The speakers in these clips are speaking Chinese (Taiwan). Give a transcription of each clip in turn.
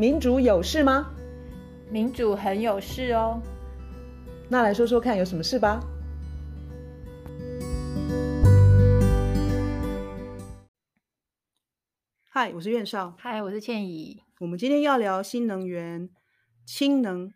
民主有事嗎？民主很有事哦。那來說說看，有什麼事吧？嗨，我是院少。嗨，我是倩怡。我們今天要聊新能源、氫能。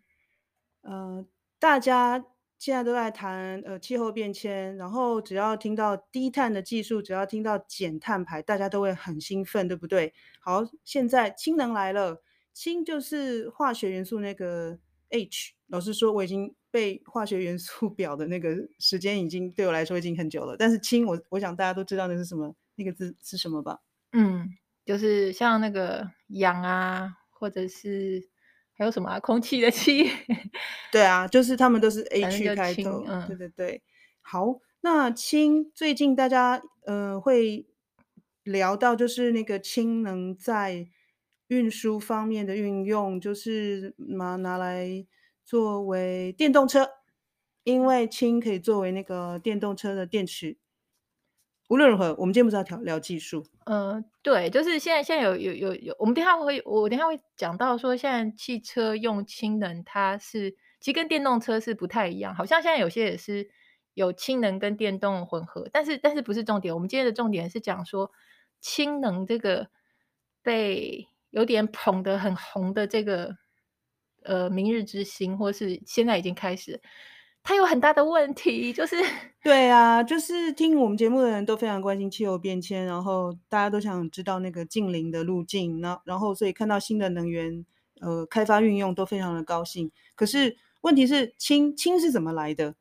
呃，大家現在都在談呃氣候變遷，然後只要聽到低碳的技術，只要聽到減碳排，大家都會很興奮，對不對？好，現在氫能來了。氫就是化學元素那個 H。老實說，我已經背化學元素表的那個時間已經對我來說已經很久了。但是氫，我我想大家都知道那是什麼，那個字是什麼吧？嗯，就是像那個氧啊，或者是還有什麼、啊、空氣的氣。 對啊，就是他們都是 H 開頭。嗯。對對對。好，那氫最近大家呃會聊到就是那個氫能在。運輸方面的運用，就是拿來作為電動車，因為氫可以作為那個電動車的電池。無論如何，我們今天不知道要聊聊技術。嗯、呃，對，就是現在現在有有有有，我們等下會我等下會講到說，現在汽車用氫能，它是其實跟電動車是不太一樣，好像現在有些也是有氫能跟電動混合，但是但是不是重點。我們今天的重點是講說氫能這個被有點捧得很紅的這個，呃，明日之星，或是現在已經開始，它有很大的問題，就是對啊，就是聽我們節目的人都非常關心氣候變遷，然後大家都想知道那個淨零的路徑，那然，然後所以看到新的能源呃開發運用都非常的高興。可是問題是氫，氫氫是怎麼來的？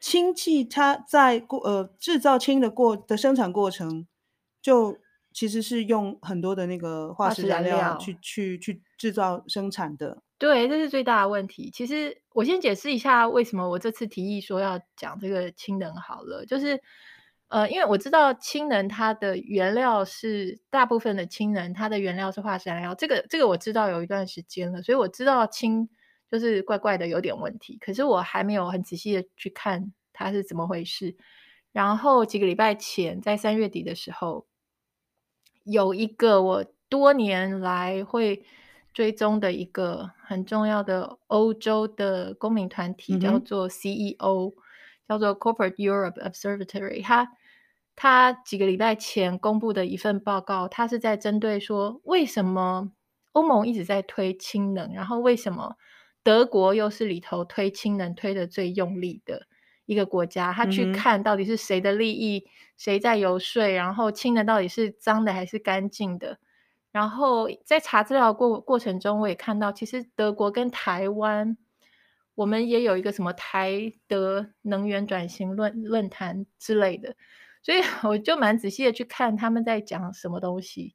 氫氣它在過呃制造氫的過的生產過程就。其實是用很多的那個化石燃料去化石燃料去去製造生產的，對，這是最大的問題。其實我先解釋一下為什麼我這次提議說要講這個氫能好了，就是呃，因為我知道氫能它的原料是大部分的氫能它的原料是化石燃料，這個這個我知道有一段時間了，所以我知道氫就是怪怪的有點問題，可是我還沒有很仔細的去看它是怎麼回事。然後幾個禮拜前在三月底的時候。有一個我多年來會追蹤的一個很重要的歐洲的公民團體，叫做 CEO、嗯、叫做 Corporate Europe Observatory。他他幾個禮拜前公布的一份報告，他是在針對說，為什麼歐盟一直在推氫能，然後為什麼德國又是裡頭推氫能推的最用力的。一個國家，他去看到底是誰的利益，嗯、誰在游說，然後氫的到底是髒的還是乾淨的？然後在查資料過過程中，我也看到，其實德國跟台灣，我們也有一個什麼台德能源轉型論論坛之類的，所以我就蠻仔細的去看他們在講什麼東西。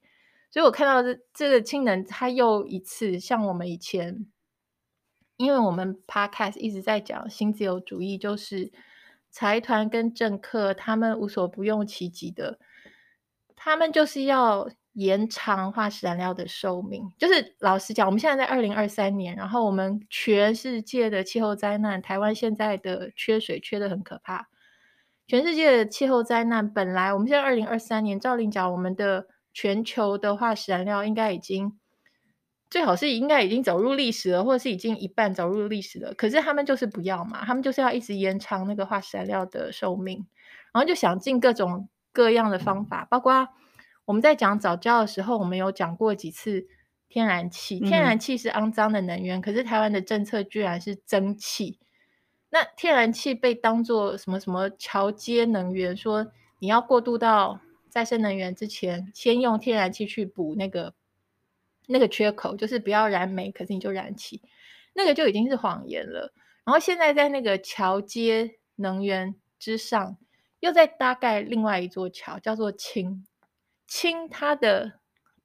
所以我看到這這個氫能，他又一次像我們以前。因為我們 Podcast 一直在講新自由主義，就是財團跟政客他們無所不用其極的，他們就是要延長化石燃料的壽命。就是老實講，我們現在在二零二三年，然後我們全世界的氣候災難，台灣現在的缺水缺的很可怕，全世界的氣候災難，本來我們現在二零二三年，照例講我們的全球的化石燃料應該已經。最好是應該已經走入歷史了，或者是已經一半走入歷史了。可是他們就是不要嘛，他們就是要一直延長那個化石燃料的壽命，然後就想盡各種各樣的方法。包括我們在講藻礁的時候，我們有講過幾次天然氣。天然氣是骯髒的能源，嗯嗯，可是台灣的政策居然是增氣。那天然氣被當做什麼什麼橋接能源，說你要過渡到再生能源之前，先用天然氣去補那個。那個缺口就是不要燃煤，可是你就燃氣，那個就已經是謊言了。然後現在在那個橋接能源之上，又在搭蓋另外一座橋，叫做氫。氫它的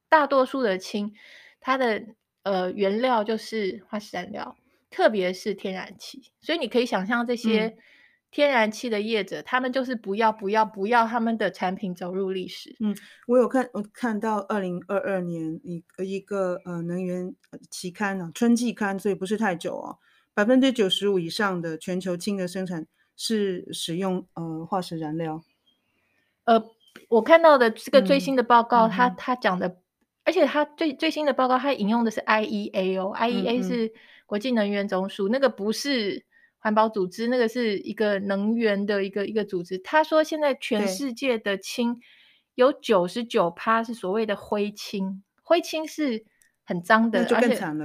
大多數的氫，它的呃原料就是化石燃料，特別是天然氣。所以你可以想象這些。嗯天然氣的業者，他們就是不要、不要、不要他們的產品走入歷史。嗯，我有看，我看到二零二二年一一個呃能源期刊啊，春季刊，所以不是太久哦、啊。百分之九十五以上的全球氫的生產是使用呃化石燃料。呃，我看到的這個最新的報告，他、嗯、它，它講的，而且他最最新的報告，它引用的是 IEA 哦嗯嗯，IEA 是國際能源總署、嗯嗯，那個不是。環保組織那個是一個能源的一個一個組織，他說現在全世界的氫有九十九趴是所謂的灰氫，灰氫是很髒的，而且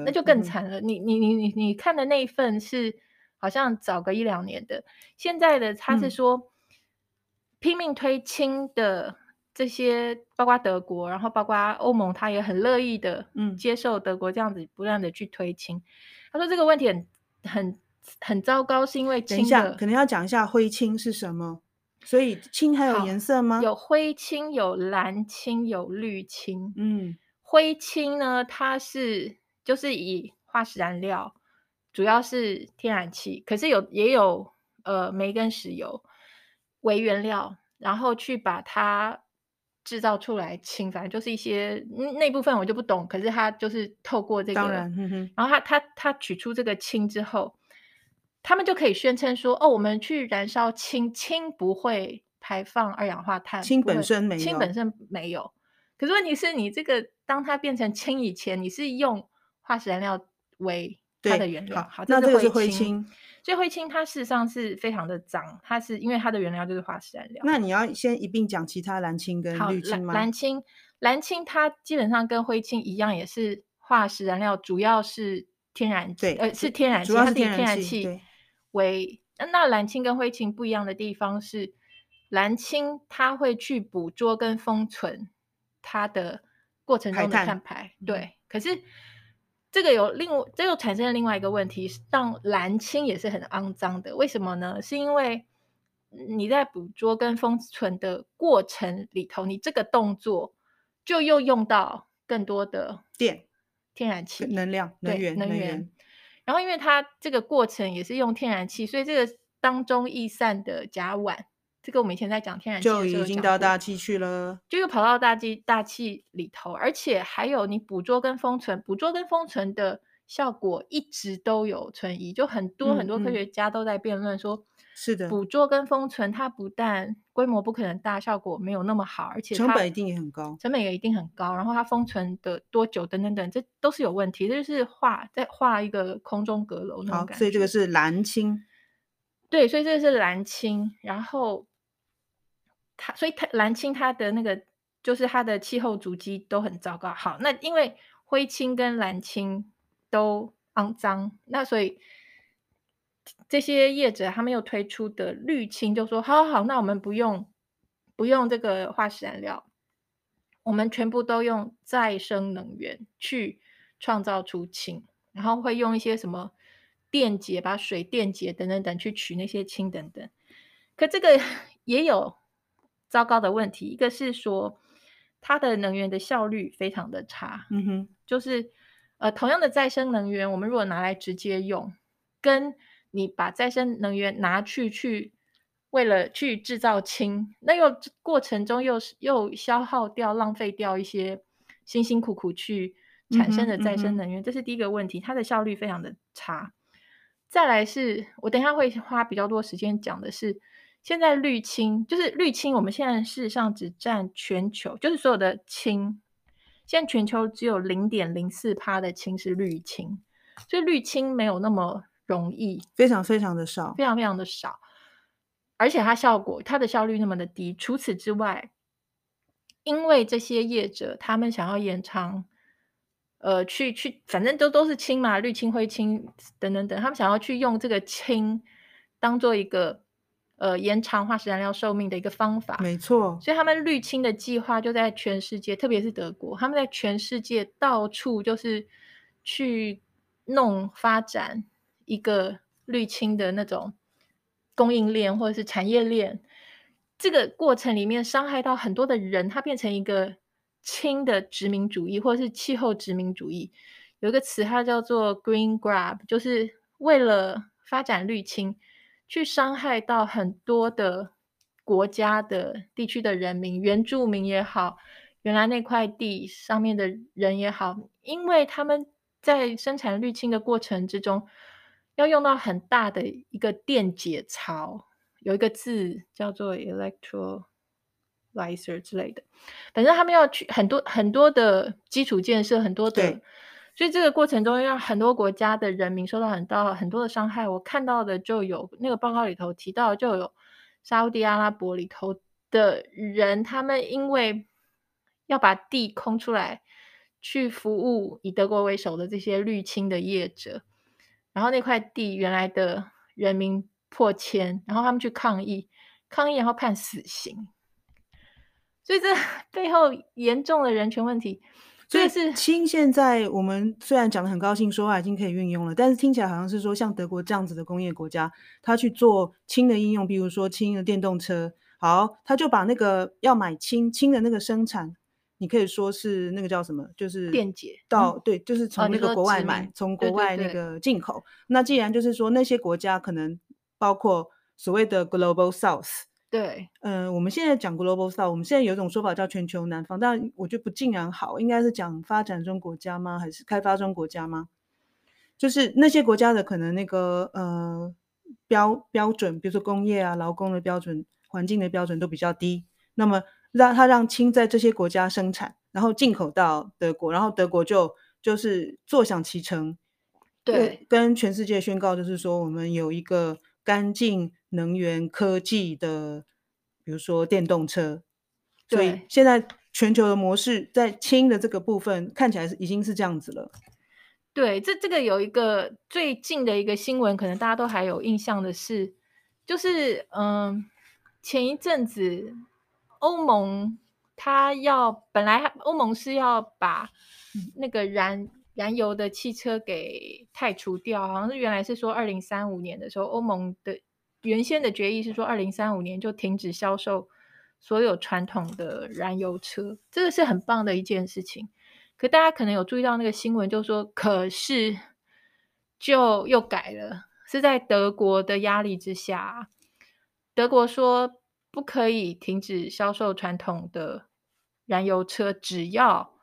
那就更慘了。嗯、你你你你你看的那一份是好像早個一兩年的，現在的他是說拼命推氫的這些、嗯，包括德國，然後包括歐盟，他也很樂意的，嗯，接受德國這樣子不斷的去推氫、嗯。他說這個問題很很。很糟糕，是因為氫的。等一下可能要講一下灰氫是什麼，所以氫還有顏色嗎？有灰氫，有藍氫，有綠氫。嗯，灰氫呢？它是就是以化石燃料，主要是天然氣，可是有也有呃煤跟石油為原料，然後去把它製造出來。氫。反正就是一些那部分我就不懂，可是它就是透過這個當然呵呵，然後它它它取出這個氫之後。他們就可以宣稱說，哦，我們去燃燒氫，氫不會排放二氧化碳，氫本身沒氫本身沒有。可是問題是，你這個當它變成氫以前，你是用化石燃料為它的原料，對，好，那這個是灰氫，所以灰氫它事實上是非常的髒，它是因為它的原料就是化石燃料。那你要先一併講其他藍氫跟綠氫嗎？藍氫，藍氫它基本上跟灰氫一樣，也是化石燃料主、呃，主要是天然氣，呃，是天然氣，主要是天然氣。為那藍氫跟灰氫不一樣的地方是，藍氫它會去捕捉跟封存它的過程中的碳排。對，可是這個有另這又產生了另外一個問題是，讓藍氫也是很骯髒的。為什麼呢？是因為你在捕捉跟封存的過程裡頭，你這個動作就又用到更多的電、天然氣、能量、能源、能源。然後，因為它這個過程也是用天然氣，所以這個當中逸散的甲烷，這個我們以前在講天然氣就已經到大氣去了，就又跑到大氣大氣裡頭，而且還有你捕捉跟封存，捕捉跟封存的。效果一直都有存疑，就很多很多科學家都在辯論說，是的，捕捉跟封存它不但規模不可能大，效果沒有那麼好，而且成本一定也很高，成本也一定很高。然後它封存的多久，等等等，這都是有問題。這就是畫在畫一個空中閣樓那種感覺。所以這個是藍氫。對，所以這個是藍氫，然後它，所以它藍氫它的那個就是它的氣候足跡都很糟糕。好，那因為灰氫跟藍氫，都骯髒，那所以這些業者他們又推出的綠氫，就說好好好，那我們不用不用這個化石燃料，我們全部都用再生能源去創造出氫，然後會用一些什麼電解把水電解等等等等去取那些氫等等。可這個也有糟糕的問題，一個是說它的能源的效率非常的差，嗯哼，就是。呃，同樣的再生能源，我們如果拿來直接用，跟你把再生能源拿去去為了去製造氫，那又、個、過程中又又消耗掉、浪費掉一些辛辛苦苦去產生的再生能源、嗯嗯，這是第一個問題，它的效率非常的差。再來是，我等一下會花比較多時間講的是，現在綠氫就是綠氫，我們現在事實上只佔全球，就是所有的氫。現在全球只有零點零四趴的氫是綠氫，所以綠氫沒有那麼容易，非常非常的少，非常非常的少，而且它效果它的效率那麼的低。除此之外，因為這些業者他們想要延長，呃，去去，反正都都是氫嘛，綠氫、灰氫等等等，他們想要去用這個氫當做一個。呃，延長化石燃料壽命的一個方法，沒錯。所以他們綠氫的計劃就在全世界，特別是德國，他們在全世界到處就是去弄發展一個綠氫的那種供應鏈或者是產業鏈。這個過程裡面傷害到很多的人，它變成一個氫的殖民主義，或者是氣候殖民主義。有一個詞它叫做 “green grab”，就是為了發展綠氫，去傷害到很多的國家的地區的人民，原住民也好，原來那塊地上面的人也好，因為他們在生產氫氣的過程之中，要用到很大的一個電解槽，有一個字叫做 electrolyzer 之類的，反正他們要去很多很多的基礎建設，很多的，對。所以這個過程中，讓很多國家的人民受到很大很多的傷害。我看到的就有那個報告裡頭提到，就有沙烏地阿拉伯裡頭的人，他們因為要把地空出來去服務以德國為首的這些綠氫的業者，然後那塊地原來的人民迫遷，然後他們去抗議，抗議然後判死刑。所以這背後嚴重的人權問題。所以是氫現在我們雖然講得很高興，說話已經可以運用了但，但是聽起來好像是說像德國這樣子的工業國家，他去做氫的應用，比如說氫的電動車，好，他就把那個要買氫氫的那個生產，你可以說是那個叫什麼，就是電解到對，就是從那個國外買，哦、從國外那個進口對對對。那既然就是說那些國家可能包括所謂的 Global South。對，嗯、呃，我們現在講 global s o u l e 我們現在有一種說法叫全球南方，但我覺得不盡然好，應該是講發展中國家嗎，還是開發中國家嗎？就是那些國家的可能那個呃標標準，比如說工業啊、勞工的標準、環境的標準都比較低，那麼它讓他讓輕在這些國家生產，然後進口到德國，然後德國就就是坐享其成，對，跟全世界宣告就是說我們有一個乾淨。能源科技的，比如說電動車，對，所以現在全球的模式在氫的這個部分看起來已經是這樣子了。對，這這個有一個最近的一個新聞，可能大家都還有印象的是，就是嗯、呃，前一陣子歐盟他要本來歐盟是要把那個燃燃油的汽車給汰除掉，好像是原來是說二零三五年的時候歐盟的。原先的決議是說，二零三五年就停止銷售所有傳統的燃油車，這個是很棒的一件事情。可大家可能有注意到那個新聞，就是說，可是就又改了，是在德國的壓力之下，德國說不可以停止銷售傳統的燃油車，只要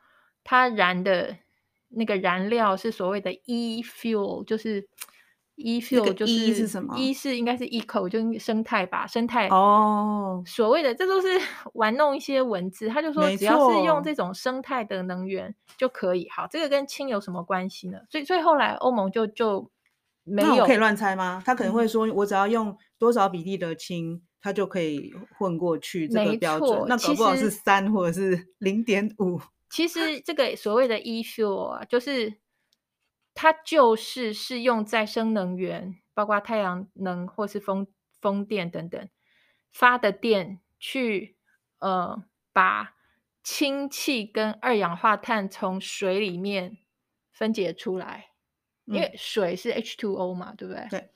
它燃的那個燃料是所謂的 E-fuel，就是。E-fuel 就、e、是什麼？一、e、是應該是 ECO 就是生態吧，生態哦，所謂的這都是玩弄一些文字，他就說只要是用這種生態的能源就可以。好，這個跟氫有什麼關係呢？所以，所以後來歐盟就就沒有可以亂猜嗎？他可能會說，我只要用多少比例的氫、嗯，他就可以混過去這個標準。那搞不好是三或者是零點五。其實這個所謂的 E-fuel 啊，就是。它就是是用再生能源，包括太陽能或是風風電等等發的電去，呃，把氫氣跟二氧化碳從水裡面分解出來，因為水是 H2O 嘛，嗯、對不對？對。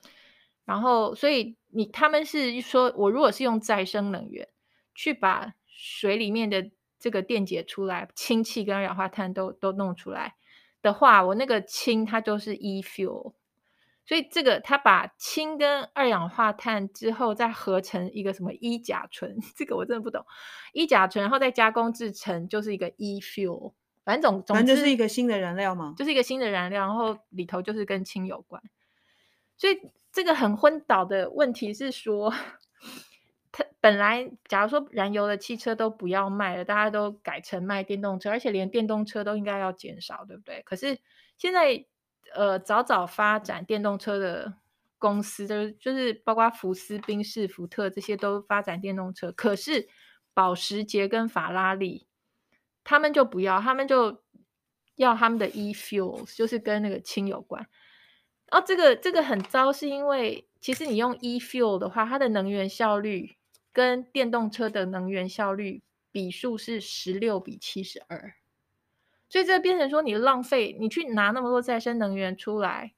然後，所以你他們是說，我如果是用再生能源去把水裡面的這個電解出來，氫氣跟二氧化碳都都弄出來。的話，我那個氫它就是 e fuel，所以這個它把氫跟二氧化碳之後再合成一個什麼 e 甲醇，這個我真的不懂。e 甲醇然後再加工製成就是一個 e fuel，反正總總是反正就是一個新的燃料嘛，就是一個新的燃料，然後裡頭就是跟氫有關。所以這個很昏倒的問題是說。本來，假如說燃油的汽車都不要賣了，大家都改成賣電動車，而且連電動車都應該要減少，對不對？可是現在，呃，早早發展電動車的公司，就是就是包括福斯、賓士、福特這些都發展電動車，可是保時捷跟法拉利，他們就不要，他們就要他們的 e fuel，就是跟那個氫有關。然後、哦、這個這個很糟，是因為其實你用 e fuel 的話，它的能源效率。跟電動車的能源效率比數是十六比七十二，所以這變成說你浪費，你去拿那麼多再生能源出來，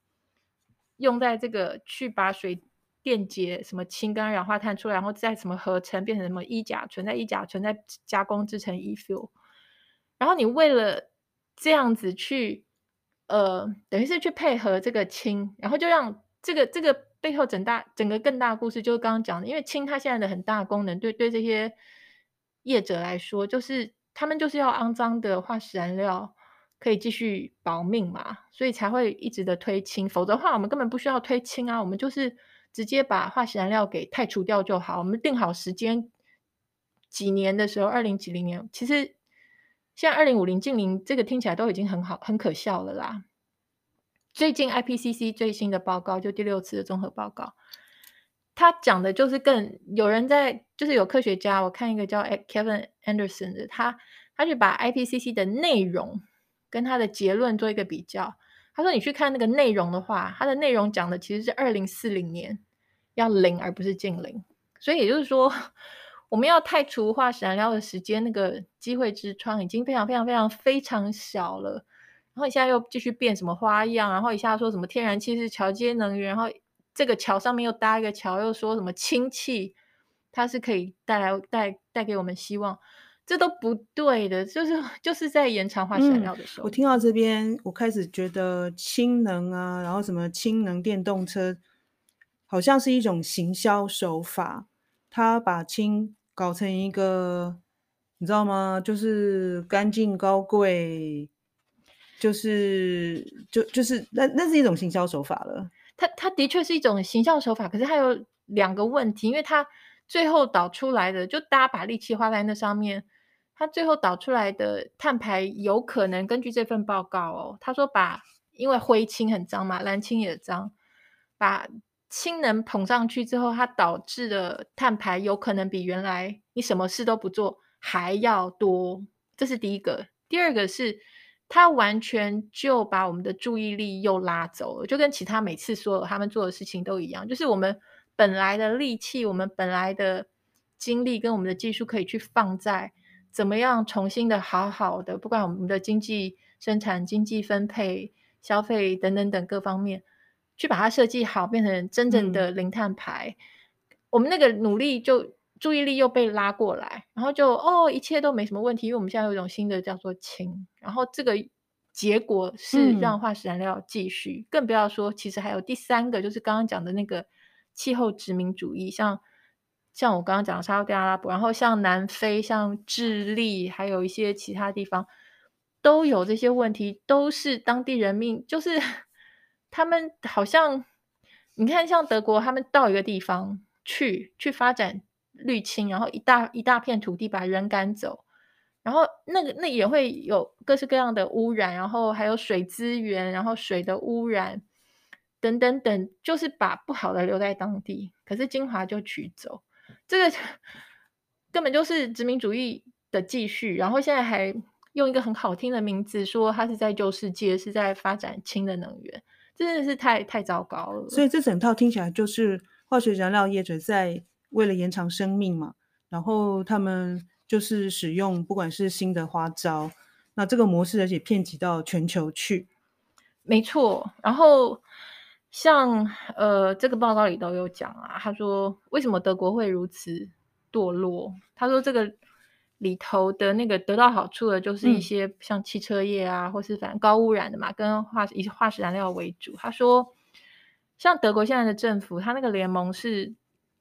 用在這個去把水電解什麼氫跟二氧化碳出來，然後再什麼合成變成什麼一、e、甲醇，存在一、e、甲醇再加工制成 e fuel，然後你為了這樣子去，呃，等於是去配合這個氫，然後就讓這個這個。背後整大整個更大的故事就是剛剛講的，因為氫它現在的很大的功能，對對這些業者來說，就是他們就是要骯髒的化石燃料可以繼續保命嘛，所以才會一直的推氫。否則的話，我們根本不需要推氫啊，我們就是直接把化石燃料給汰除掉就好。我們定好時間幾年的時候，二零幾零年，其實在二零五零、淨零這個聽起來都已經很好、很可笑了啦。最近 IPCC 最新的報告，就第六次的綜合報告，他講的就是更有人在，就是有科學家，我看一個叫 Kevin Anderson 的，他他去把 IPCC 的內容跟他的結論做一個比較。他說，你去看那個內容的話，它的內容講的其實是二零四零年要零，而不是淨零。所以也就是說，我們要汰除化石燃料的時間，那個機會之窗已經非常非常非常非常非常小了。然後一下又繼續變什麼花樣？然後一下說什麼天然氣是橋接能源，然後這個橋上面又搭一個橋，又說什麼氫氣，它是可以帶來帶帶給我們希望，這都不對的，就是就是在延長化石燃料的時候。嗯，我聽到這邊，我開始覺得氫能啊，然後什麼氫能電動車，好像是一種行銷手法，他把氫搞成一個，你知道嗎？就是乾淨高貴。就是就就是那那是一種行銷手法了。它，它的確是一種行銷手法，可是它有兩個問題，因為它最後導出來的，就大家把力氣花在那上面，它最後導出來的碳排有可能，根據這份報告哦，他說把因為灰氫很髒嘛，藍氫也髒，把氫能捧上去之後，它導致的碳排有可能比原來你什麼事都不做還要多，這是第一個。第二個是。他完全就把我們的注意力又拉走了，就跟其他每次說他們做的事情都一樣，就是我們本來的力氣、我們本來的精力跟我們的技術，可以去放在怎麼樣重新的好好的，不管我們的經濟生產、經濟分配、消費等等等各方面，去把它設計好，變成真正的零碳排。嗯、我們那個努力就。注意力又被拉過來，然後就哦，一切都沒什麼問題，因為我們現在有一種新的叫做氫。然後這個結果是讓化石燃料繼續、嗯，更不要說，其實還有第三個，就是剛剛講的那個氣候殖民主義，像像我剛剛講的沙烏地阿拉伯，然後像南非、像智利，還有一些其他地方都有這些問題，都是當地人民，就是他們好像你看，像德國，他們到一個地方去去發展。綠氫，然後一大一大片土地把人趕走，然後那個那也會有各式各樣的污染，然後還有水資源，然後水的污染等等等，就是把不好的留在當地，可是精華就取走，這個根本就是殖民主義的繼續。然後現在還用一個很好聽的名字說它是在救世界，是在發展氫的能源，真的是太太糟糕了。所以這整套聽起來就是化學燃料業者在。為了延長生命嘛，然後他們就是使用不管是新的花招，那這個模式而且遍及到全球去，沒錯。然後像呃這個報告裡都有講啊，他說為什麼德國會如此墮落？他說這個裡頭的那個得到好處的就是一些像汽車業啊，嗯、或是反正高污染的嘛，跟化以化石燃料為主。他說像德國現在的政府，他那個聯盟是。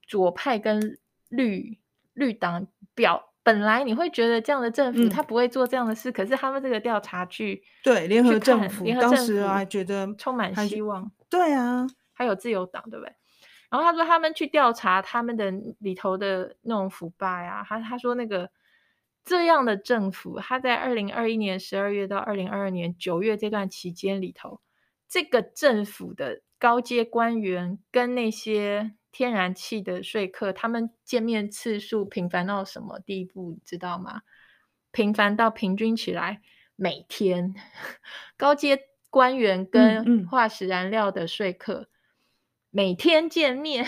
左派跟綠綠黨表本來你會覺得這樣的政府他不會做這樣的事，嗯、可是他們這個調查去對聯合政府，聯合政府當時還覺得充滿希望。對啊，還有自由黨對不對？然後他說他們去調查他們的裡頭的那種腐敗啊，他他說那個這樣的政府他在二零二一年十二月到二零二二年九月這段期間裡頭，這個政府的高階官員跟那些。天然氣的說客，他們見面次數頻繁到什麼地步，你知道嗎？頻繁到平均起來每天，高階官員跟化石燃料的說客、嗯嗯、每天見面。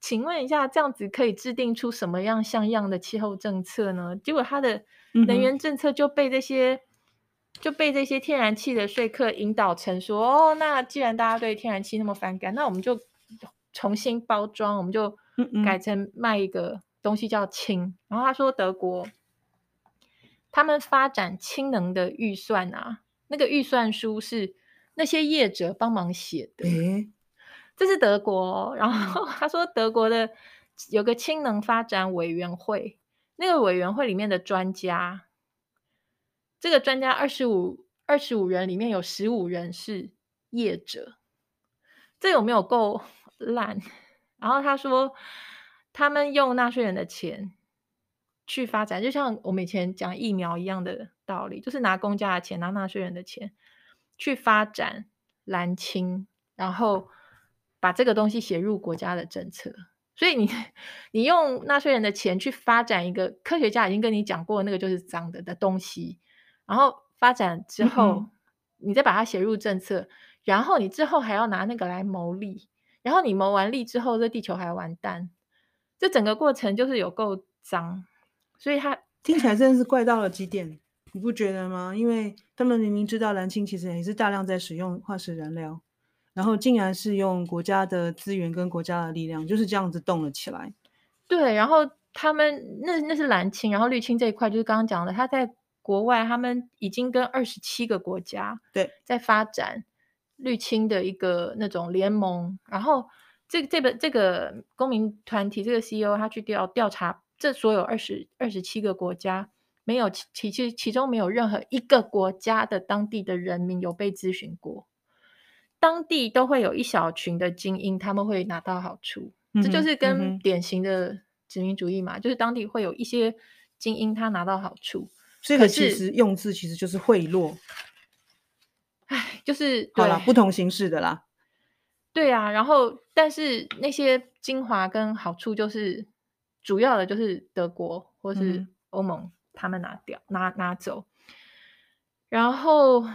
請問一下，這樣子可以制定出什麼樣像樣的氣候政策呢？結果他的能源政策就被這些、嗯、就被這些天然氣的說客引導成說哦，那既然大家對天然氣那麼反感，那我們就。重新包裝，我們就改成賣一個東西叫氫、嗯嗯。然後他說，德國他們發展氫能的預算啊，那個預算書是那些業者幫忙寫的。欸、這是德國。然後他說，德國的有個氫能發展委員會，那個委員會裡面的專家，這個專家二十五二十五人，裡面有十五人是業者，這有沒有夠？爛，然後他說，他們用納稅人的錢去發展，就像我們以前講疫苗一樣的道理，就是拿公家的錢，拿納稅人的錢去發展藍氫，然後把這個東西寫入國家的政策。所以你你用納稅人的錢去發展一個科學家已經跟你講過那個就是髒的的東西，然後發展之後、嗯，你再把它寫入政策，然後你之後還要拿那個來牟利。然後你謀完利之後，這地球還完蛋，這整個過程就是有夠髒，所以它聽起來真的是怪到了極點，你不覺得嗎？因為他們明明知道藍氫其實也是大量在使用化石燃料，然後竟然是用國家的資源跟國家的力量就是這樣子動了起來。對，然後他們那那是藍氫，然後綠氫這一塊就是剛剛講的，他在國外他們已經跟二十七個國家對在發展。綠氫的一個那種聯盟，然後這個、這個這個公民團體這個 CEO 他去調調查，這所有二十二十七個國家，沒有其其其中沒有任何一個國家的當地的人民有被諮詢過，當地都會有一小群的精英，他們會拿到好處、嗯，這就是跟典型的殖民主義嘛、嗯，就是當地會有一些精英他拿到好處，所以其實可是用字其實就是賄賂。就是對不同形式的啦。對啊，然後但是那些精華跟好處就是主要的就是德國或是歐盟、嗯、他們拿掉拿拿走，然後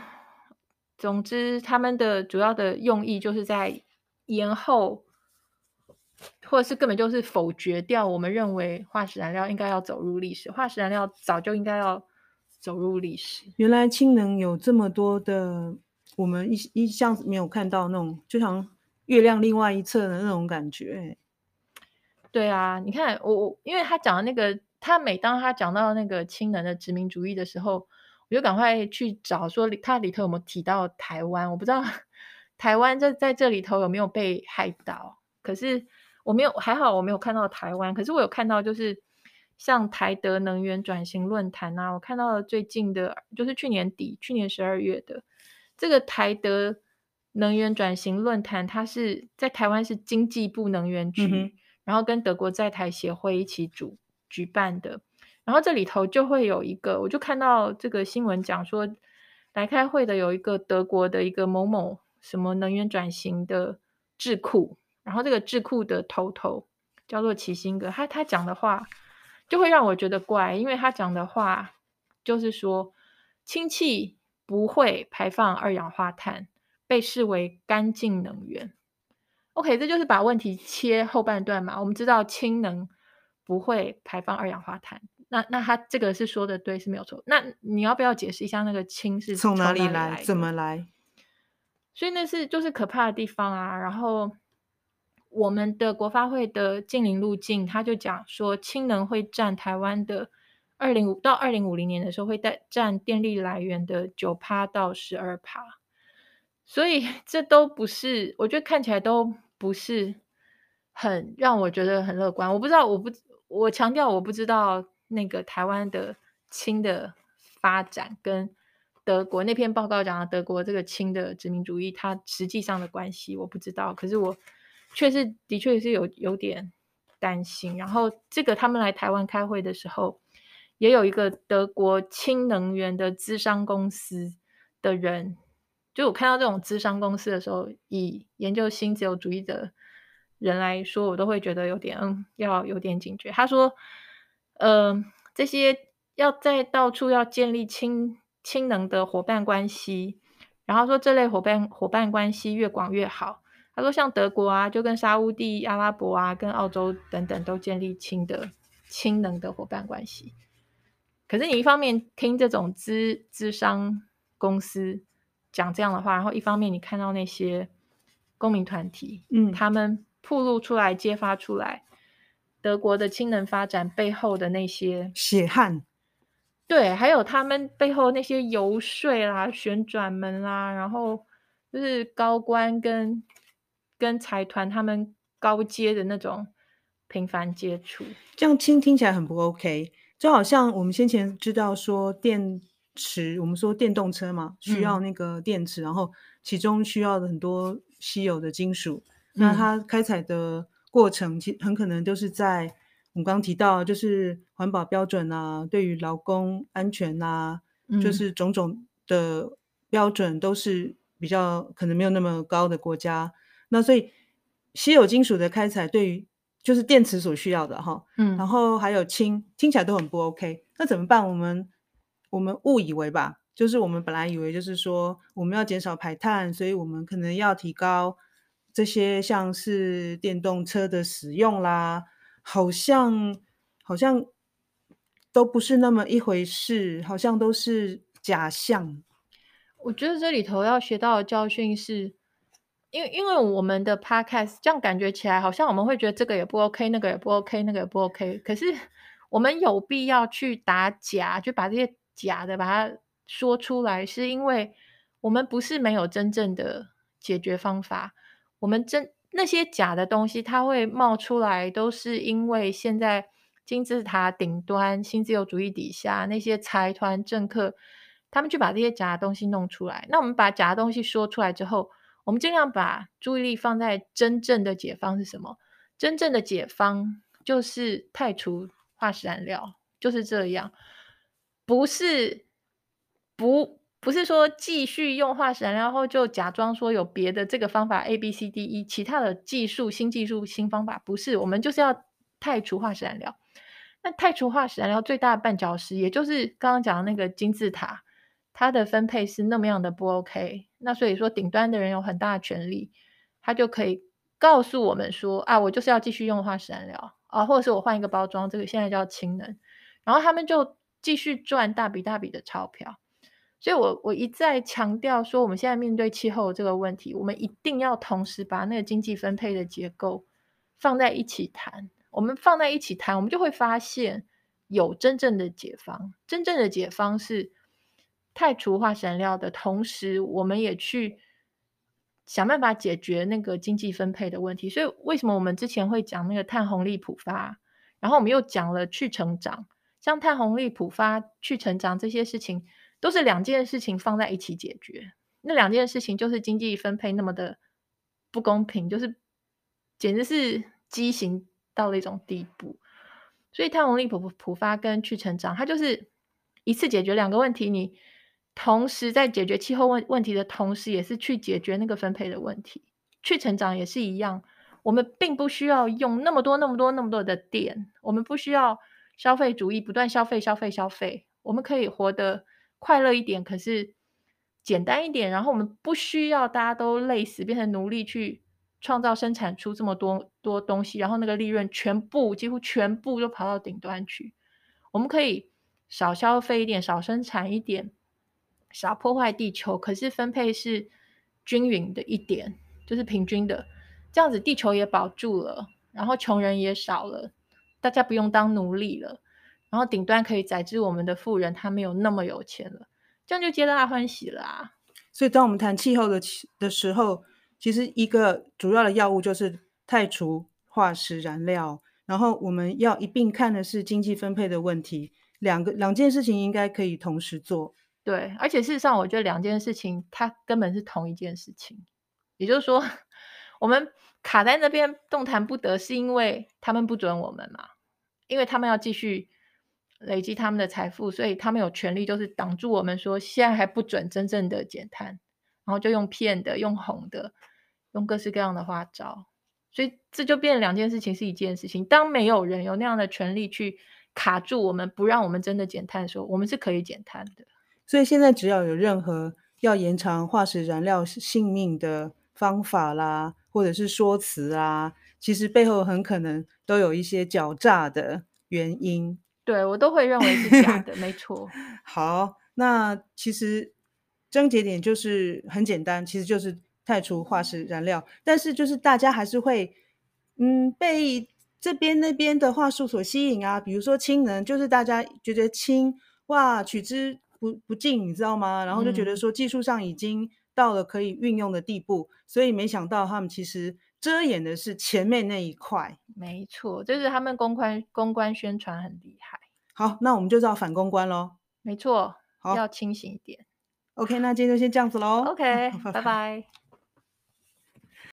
總之他們的主要的用意就是在延後，或者是根本就是否決掉我們認為化石燃料應該要走入歷史，化石燃料早就應該要走入歷史。原來氫能有這麼多的。我們一一向沒有看到那種，就像月亮另外一側的那種感覺。對啊，你看我我，因為他講的那個，他每當他講到那個氫能的殖民主義的時候，我就趕快去找說他裡頭有沒有提到台灣。我不知道台灣在在這裡頭有沒有被害到，可是我沒有，還好我沒有看到台灣。可是我有看到，就是像台德能源轉型論壇啊，我看到了最近的，就是去年底去年十二月的。這個台德能源轉型論壇，它是在台灣是經濟部能源局，嗯、然後跟德國在台協會一起主舉辦的。然後這裡頭就會有一個，我就看到這個新聞講說，來開會的有一個德國的一個某某什麼能源轉型的智庫，然後這個智庫的頭頭叫做齊星格，他他講的話就會讓我覺得怪，因為他講的話就是說氫氣。親戚不會排放二氧化碳，被視為乾淨能源。OK，這就是把問題切後半段嘛。我們知道氫能不會排放二氧化碳，那那它這個是說的對是沒有錯。那你要不要解釋一下那個氫是從哪裡來，從哪裡來，怎麼來？所以那是就是可怕的地方啊。然後我們的國發會的淨零路徑，他就講說氫能會佔台灣的。二零五到二零五零年的時候，會帶占電力來源的九趴到十二趴，所以這都不是，我覺得看起來都不是很讓我覺得很樂觀。我不知道，我不我強調，我不知道那個台灣的氫的發展跟德國那篇報告講的德國這個氫的殖民主義它實際上的關係我不知道。可是我確實的確是有有點擔心。然後這個他們來台灣開會的時候。也有一個德國氫能源的諮商公司的人，就我看到這種諮商公司的時候，以研究新自由主義的人來說，我都會覺得有點嗯，要有點警覺。他說，嗯、呃，這些要在到處要建立氫氫能的夥伴關係，然後說這類伙伴夥伴關係越廣越好。他說，像德國啊，就跟沙烏地阿拉伯啊，跟澳洲等等都建立氫的氫能的夥伴關係。可是你一方面聽這種資資商公司講這樣的話，然後一方面你看到那些公民團體，嗯，他們曝露出來、揭發出來德國的氫能發展背後的那些血汗，對，還有他們背後那些遊說啦、旋轉門啦，然後就是高官跟跟財團他們高階的那種頻繁接觸，這樣聽聽起來很不 OK。就好像我們先前知道說，電池，我們說電動車嘛，需要那個電池，嗯、然後其中需要的很多稀有的金屬、嗯，那它開採的過程，其很可能都是在我們剛提到，就是環保標準啊，對於勞工安全啊、嗯，就是種種的標準都是比較可能沒有那麼高的國家，那所以稀有金屬的開採對於。就是電池所需要的哈，嗯，然後還有氫，嗯，聽起來都很不 OK。那怎麼辦？我們我們誤以為吧，就是我們本來以為就是說我們要減少排碳，所以我們可能要提高這些像是電動車的使用啦，好像好像都不是那麼一回事，好像都是假象。我覺得這裡頭要學到的教訓是。因為因為我們的 podcast 這樣感覺起來，好像我們會覺得這個也不 OK，那個也不 OK，那個也不 OK。可是我們有必要去打假，就把這些假的把它說出來，是因為我們不是沒有真正的解決方法。我們真那些假的東西，它會冒出來，都是因為現在金字塔頂端新自由主義底下那些財團政客，他們去把這些假的東西弄出來。那我們把假的東西說出來之後，我們儘量把注意力放在真正的解方是什麼？真正的解方就是汰除化石燃料，就是這樣，不是不，不是說繼續用化石燃料，然後就假裝說有別的這個方法 A B C D E 其他的技術、新技術、新方法，不是，我們就是要汰除化石燃料。那汰除化石燃料最大的絆腳石，也就是剛剛講的那個金字塔。它的分配是那麼樣的不 OK，那所以說，頂端的人有很大的權力，他就可以告訴我們說啊，我就是要繼續用化石燃料啊，或者是我換一個包裝，這個現在叫氫能，然後他們就繼續賺大筆大筆的鈔票。所以我我一再強調說，我們現在面對氣候這個問題，我們一定要同時把那個經濟分配的結構放在一起談。我們放在一起談，我們就會發現有真正的解方，真正的解方是。汰除化石燃料的同時，我們也去想辦法解決那個經濟分配的問題。所以，為什麼我們之前會講那個碳紅利普發，然後我們又講了去成長？像碳紅利普發、去成長這些事情，都是兩件事情放在一起解決。那兩件事情就是經濟分配那麼的不公平，就是簡直是畸形到了一種地步。所以，碳紅利普普發跟去成長，它就是一次解決兩個問題。你。同時，在解決氣候問問題的同時，也是去解決那個分配的問題。去成長也是一樣，我們並不需要用那麼多、那麼多、那麼多的電，我們不需要消費主義不斷消費、消費、消費。我們可以活得快樂一點，可是簡單一點。然後我們不需要大家都累死，變成奴隸去創造、生產出這麼多多東西，然後那個利潤全部、幾乎全部都跑到頂端去。我們可以少消費一點，少生產一點。少破壞地球，可是分配是均勻的一點，就是平均的，這樣子地球也保住了，然後窮人也少了，大家不用當奴隸了，然後頂端可以宰制我們的富人，他沒有那麼有錢了，這樣就皆大歡喜了啊。所以當我們談氣候的的時候，其實一個主要的藥物就是汰除化石燃料，然後我們要一併看的是經濟分配的問題，兩個兩件事情應該可以同時做。對，而且事實上，我覺得兩件事情它根本是同一件事情，也就是說，我們卡在那邊動彈不得，是因為他們不准我們嘛？因為他們要繼續累積他們的財富，所以他們有權利，就是擋住我們說現在還不准真正的減碳，然後就用騙的、用哄的、用各式各樣的花招，所以這就變成兩件事情是一件事情。當沒有人有那樣的權利去卡住我們，不讓我們真的減碳的時候，我們是可以減碳的。所以現在，只要有任何要延長化石燃料性命的方法啦，或者是說辭啊，其實背後很可能都有一些狡詐的原因。對，我都會認為是假的， 沒錯。好，那其實症結點就是很簡單，其實就是汰除化石燃料，但是就是大家還是會嗯被這邊那邊的話術所吸引啊，比如說氫能，就是大家覺得氫哇取之，不不進，你知道嗎？然後就覺得說技術上已經到了可以運用的地步、嗯，所以沒想到他們其實遮掩的是前面那一塊。沒錯，就是他們公關公關宣傳很厲害。好，那我們就叫反公關嘍。沒錯，要清醒一點。OK，那今天就先這樣子嘍。OK，拜拜。Bye bye